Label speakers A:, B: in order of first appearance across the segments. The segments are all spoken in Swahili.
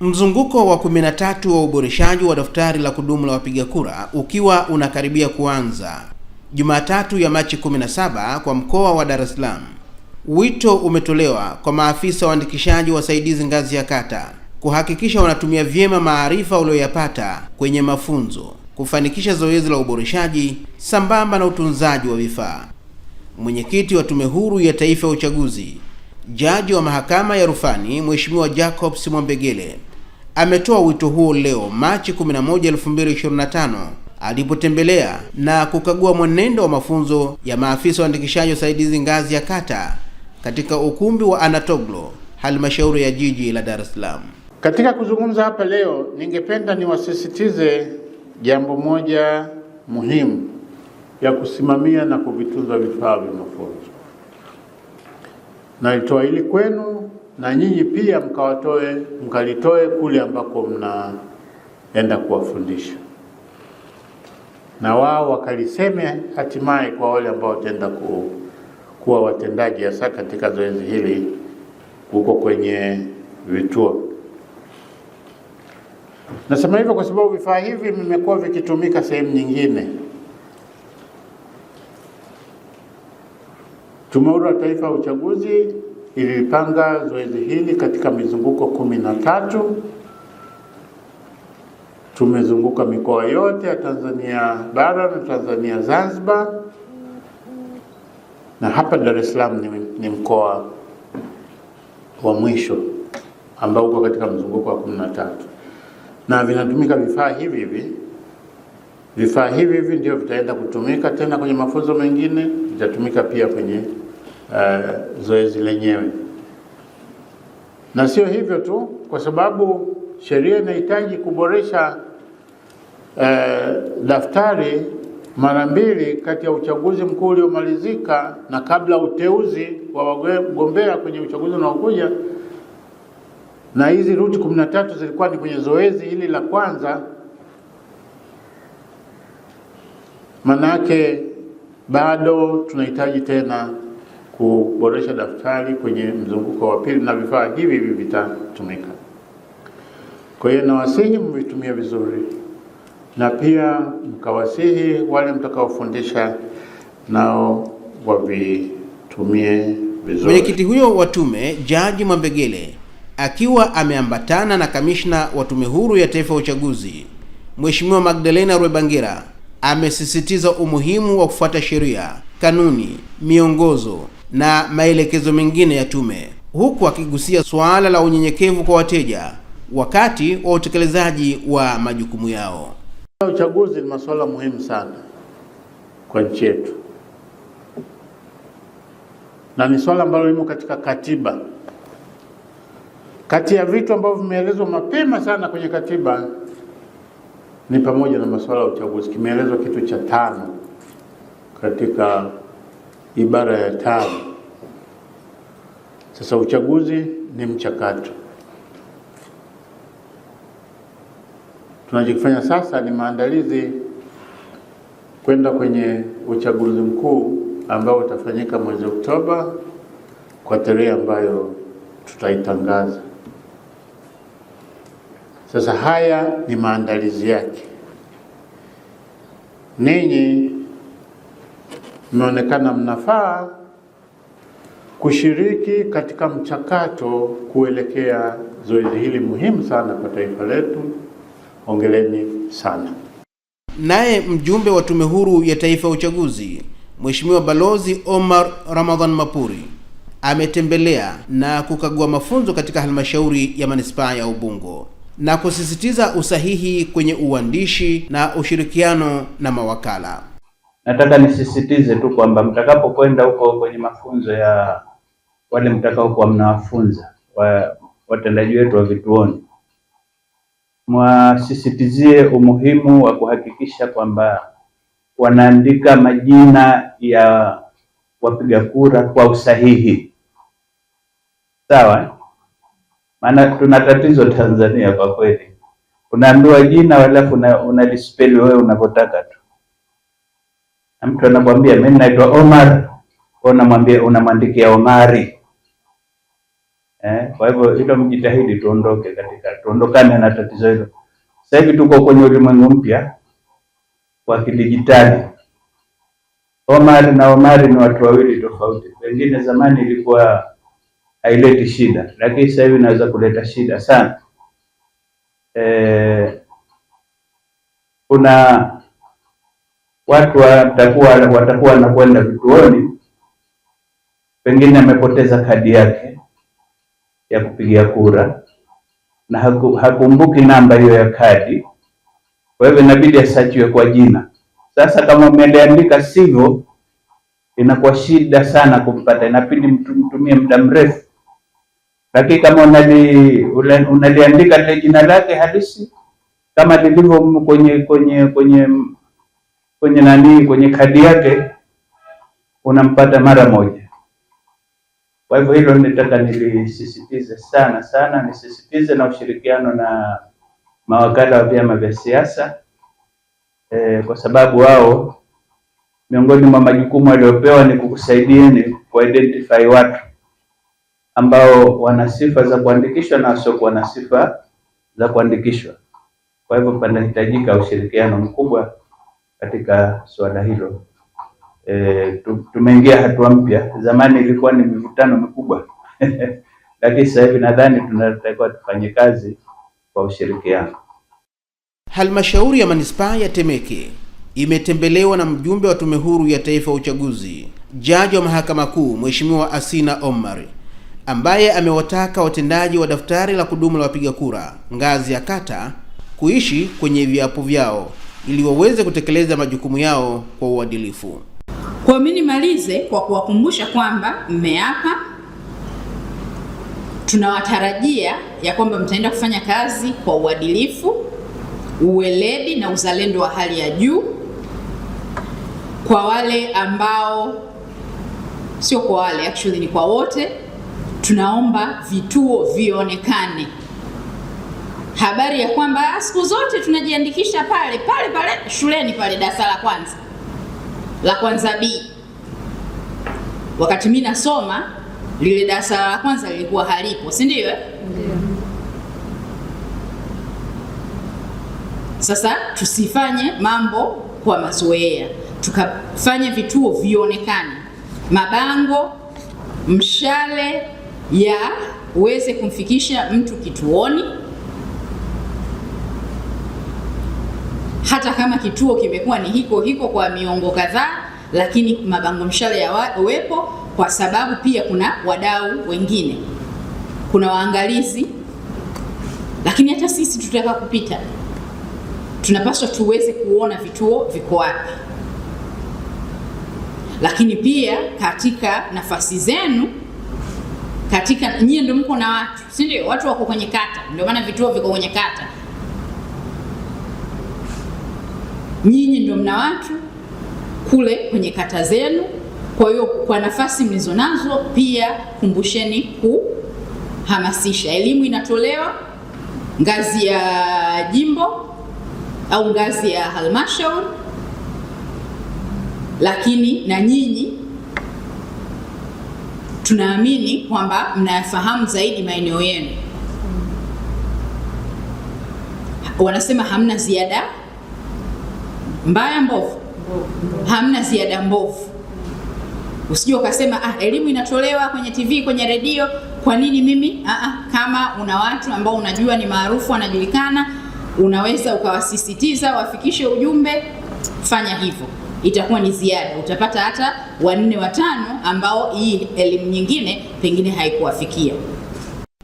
A: Mzunguko wa 13 wa uboreshaji wa daftari la kudumu la wapiga kura ukiwa unakaribia kuanza Jumatatu ya Machi 17 kwa mkoa wa Dar es Salaam. Wito umetolewa kwa maafisa waandikishaji wasaidizi ngazi ya kata kuhakikisha wanatumia vyema maarifa walioyapata kwenye mafunzo kufanikisha zoezi la uboreshaji sambamba na utunzaji wa vifaa. Mwenyekiti wa Tume Huru ya Taifa ya Uchaguzi, Jaji wa Mahakama ya Rufani Mheshimiwa Jacob Simwambegele ametoa wito huo leo Machi 11, 2025 alipotembelea na kukagua mwenendo wa mafunzo ya maafisa waandikishaji wasaidizi ngazi ya kata katika ukumbi wa Anatoglo, halmashauri ya jiji la Dar es Salaam.
B: Katika kuzungumza hapa leo, ningependa niwasisitize jambo moja muhimu ya kusimamia na kuvitunza vifaa vya mafunzo. Nalitoa hili kwenu na nyinyi pia mkawatoe mkalitoe kule ambako mnaenda kuwafundisha, na wao wakaliseme hatimaye kwa wale ambao wataenda ku, kuwa watendaji, hasa katika zoezi hili huko kwenye vituo. Nasema hivyo kwa sababu vifaa hivi vimekuwa vikitumika sehemu nyingine. Tume Huru ya Taifa ya Uchaguzi ilipanga zoezi hili katika mizunguko kumi na tatu. Tumezunguka mikoa yote ya Tanzania bara na Tanzania Zanzibar, na hapa Dar es Salaam ni, ni mkoa wa mwisho ambao uko katika mzunguko wa kumi na tatu, na vinatumika vifaa hivi hivi. Vifaa hivi hivi ndio vitaenda kutumika tena kwenye mafunzo mengine, vitatumika pia kwenye uh, zoezi lenyewe. Na sio hivyo tu, kwa sababu sheria inahitaji kuboresha uh, daftari mara mbili kati ya uchaguzi mkuu uliomalizika na kabla uteuzi wa wagombea kwenye uchaguzi unaokuja. Na hizi ruti kumi na tatu zilikuwa ni kwenye zoezi hili la kwanza. Manake bado tunahitaji tena kuboresha daftari kwenye mzunguko wa pili, na vifaa hivi hivi vitatumika. Kwa hiyo nawasihi mvitumie vizuri, na pia mkawasihi wale mtakaofundisha nao wavitumie vizuri.
A: Mwenyekiti huyo wa tume Jaji Mwambegele akiwa ameambatana na kamishna wa Tume Huru ya Taifa ya Uchaguzi Mheshimiwa Magdalena Rwebangira amesisitiza umuhimu wa kufuata sheria kanuni, miongozo na maelekezo mengine ya tume, huku akigusia suala la unyenyekevu kwa wateja wakati wa utekelezaji wa majukumu yao.
B: Uchaguzi ni masuala muhimu sana kwa nchi yetu na ni swala ambalo limo katika katiba. Kati ya vitu ambavyo vimeelezwa mapema sana kwenye katiba ni pamoja na masuala ya uchaguzi, kimeelezwa kitu cha tano katika ibara ya tano. Sasa uchaguzi ni mchakato. Tunachokifanya sasa ni maandalizi kwenda kwenye uchaguzi mkuu ambao utafanyika mwezi Oktoba kwa tarehe ambayo tutaitangaza. Sasa haya ni maandalizi yake. Ninyi mmeonekana mnafaa kushiriki katika mchakato kuelekea zoezi hili muhimu sana kwa taifa letu. Hongereni sana.
A: Naye mjumbe wa Tume Huru ya Taifa ya Uchaguzi Mheshimiwa Balozi Omar Ramadhan Mapuri ametembelea na kukagua mafunzo katika halmashauri ya manispaa ya Ubungo na kusisitiza usahihi kwenye uandishi na ushirikiano na mawakala
C: nataka nisisitize tu kwamba mtakapokwenda huko kwenye mafunzo ya wale mtakaokuwa mnawafunza wa watendaji wetu wa vituoni, mwasisitizie umuhimu wa kuhakikisha kwamba wanaandika majina ya wapiga kura kwa usahihi. Sawa, maana tuna tatizo Tanzania kwa kweli, unaambiwa jina halafu unalispeli una wewe unavyotaka tu na mtu anakwambia mimi naitwa Omar, unamwambia unamwandikia Omari eh. Kwa hivyo hilo mjitahidi, tuondoke katika tuondokane na tatizo hilo. Sasa hivi tuko kwenye ulimwengu mpya wa kidijitali. Omar na Omari ni watu wawili tofauti. Pengine zamani ilikuwa haileti shida, lakini sasa hivi inaweza kuleta shida sana. Eh, kuna watu watakuwa watakuwa wanakwenda vituoni, pengine amepoteza kadi yake ya kupigia kura na hakumbuki namba hiyo ya kadi, kwa hivyo inabidi asachiwe kwa jina. Sasa kama umeliandika sivyo, inakuwa shida sana kumpata, inabidi mtumie muda mrefu, lakini kama unali, unaliandika lile jina lake halisi kama lilivyo kwenye kwenye kwenye kwenye nani, kwenye kadi yake unampata mara moja. Kwa hivyo hilo nitaka nilisisitize sana sana, nisisitize na ushirikiano na mawakala wa vyama vya siasa eh, kwa sababu wao miongoni mwa majukumu waliopewa ni kukusaidieni kuidentify watu ambao wana sifa za kuandikishwa na wasiokuwa na sifa za kuandikishwa. Kwa hivyo panahitajika ushirikiano mkubwa katika suala hilo. E, tumeingia hatua mpya. Zamani ilikuwa ni mivutano mikubwa lakini sasa hivi nadhani tunatakiwa tufanye kazi kwa ushirikiano.
A: Halmashauri ya manispaa ya Temeke imetembelewa na mjumbe wa Tume Huru ya Taifa ya Uchaguzi, jaji wa Mahakama Kuu Mheshimiwa Asina Omar, ambaye amewataka watendaji wa daftari la kudumu la wapiga kura ngazi ya kata kuishi kwenye viapo vyao ili waweze kutekeleza majukumu yao kwa uadilifu.
D: Kwa mimi nimalize kwa kuwakumbusha kwamba mmeapa, tunawatarajia ya kwamba mtaenda kufanya kazi kwa uadilifu, uweledi na uzalendo wa hali ya juu. Kwa wale ambao sio, kwa wale actually ni kwa wote, tunaomba vituo vionekane habari ya kwamba siku zote tunajiandikisha pale pale pale shuleni pale darasa la kwanza la kwanza B. Wakati mimi nasoma lile darasa la kwanza lilikuwa halipo, si ndio? Sasa tusifanye mambo kwa mazoea, tukafanye vituo vionekane, mabango, mshale ya uweze kumfikisha mtu kituoni hata kama kituo kimekuwa ni hiko hiko kwa miongo kadhaa, lakini mabango mshale yawepo, kwa sababu pia kuna wadau wengine, kuna waangalizi, lakini hata sisi tutaka kupita, tunapaswa tuweze kuona vituo viko wapi. Lakini pia katika nafasi zenu katika nyie ndio mko na watu, si ndio? Watu wako kwenye kata, ndio maana vituo viko kwenye kata. nyinyi ndio mna watu kule kwenye kata zenu. Kwa hiyo kwa nafasi mlizonazo pia kumbusheni kuhamasisha. Elimu inatolewa ngazi ya jimbo au ngazi ya halmashauri, lakini na nyinyi tunaamini kwamba mnayafahamu zaidi maeneo yenu. Wanasema hamna ziada mbaya, mbovu, hamna ziada mbovu. Usije ukasema ah, elimu inatolewa kwenye TV, kwenye redio, kwa nini mimi? Ah, ah, kama una watu ambao unajua ni maarufu, wanajulikana, unaweza ukawasisitiza wafikishe ujumbe, fanya hivyo, itakuwa ni ziada. Utapata hata wanne watano ambao hii elimu nyingine pengine haikuwafikia.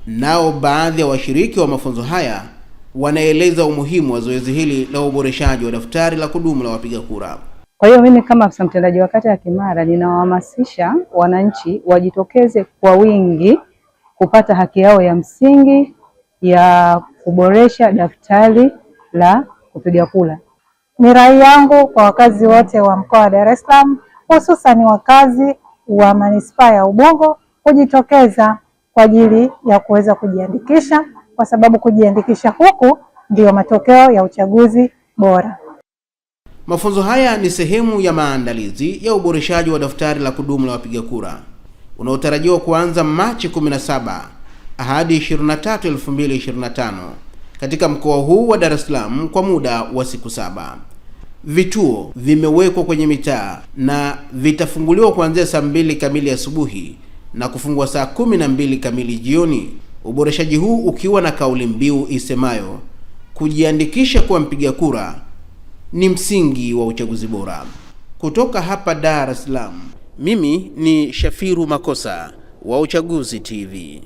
A: Nao baadhi ya washiriki wa mafunzo haya wanaeleza umuhimu wa zoezi hili la uboreshaji wa daftari la kudumu la wapiga kura.
E: Kwa hiyo mimi kama afisa mtendaji wa kata ya Kimara ninawahamasisha wananchi wajitokeze kwa wingi kupata haki yao ya msingi ya kuboresha daftari la kupiga kura. Ni rai yangu kwa wakazi wote wa mkoa wa Dar es Salaam, hususan wakazi wa manispaa ya Ubungo kujitokeza kwa ajili ya kuweza kujiandikisha kwa sababu kujiandikisha huku ndiyo matokeo ya uchaguzi bora.
A: Mafunzo haya ni sehemu ya maandalizi ya uboreshaji wa daftari la kudumu la wapiga kura unaotarajiwa kuanza Machi 17 hadi 23, 2025 katika mkoa huu wa Dar es Salaam kwa muda wa siku saba. Vituo vimewekwa kwenye mitaa na vitafunguliwa kuanzia saa 2 kamili asubuhi na kufungwa saa 12 kamili jioni. Uboreshaji huu ukiwa na kauli mbiu isemayo kujiandikisha kuwa mpiga kura ni msingi wa uchaguzi bora. Kutoka hapa Dar es Salaam, mimi ni Shafiru Makosa wa Uchaguzi TV.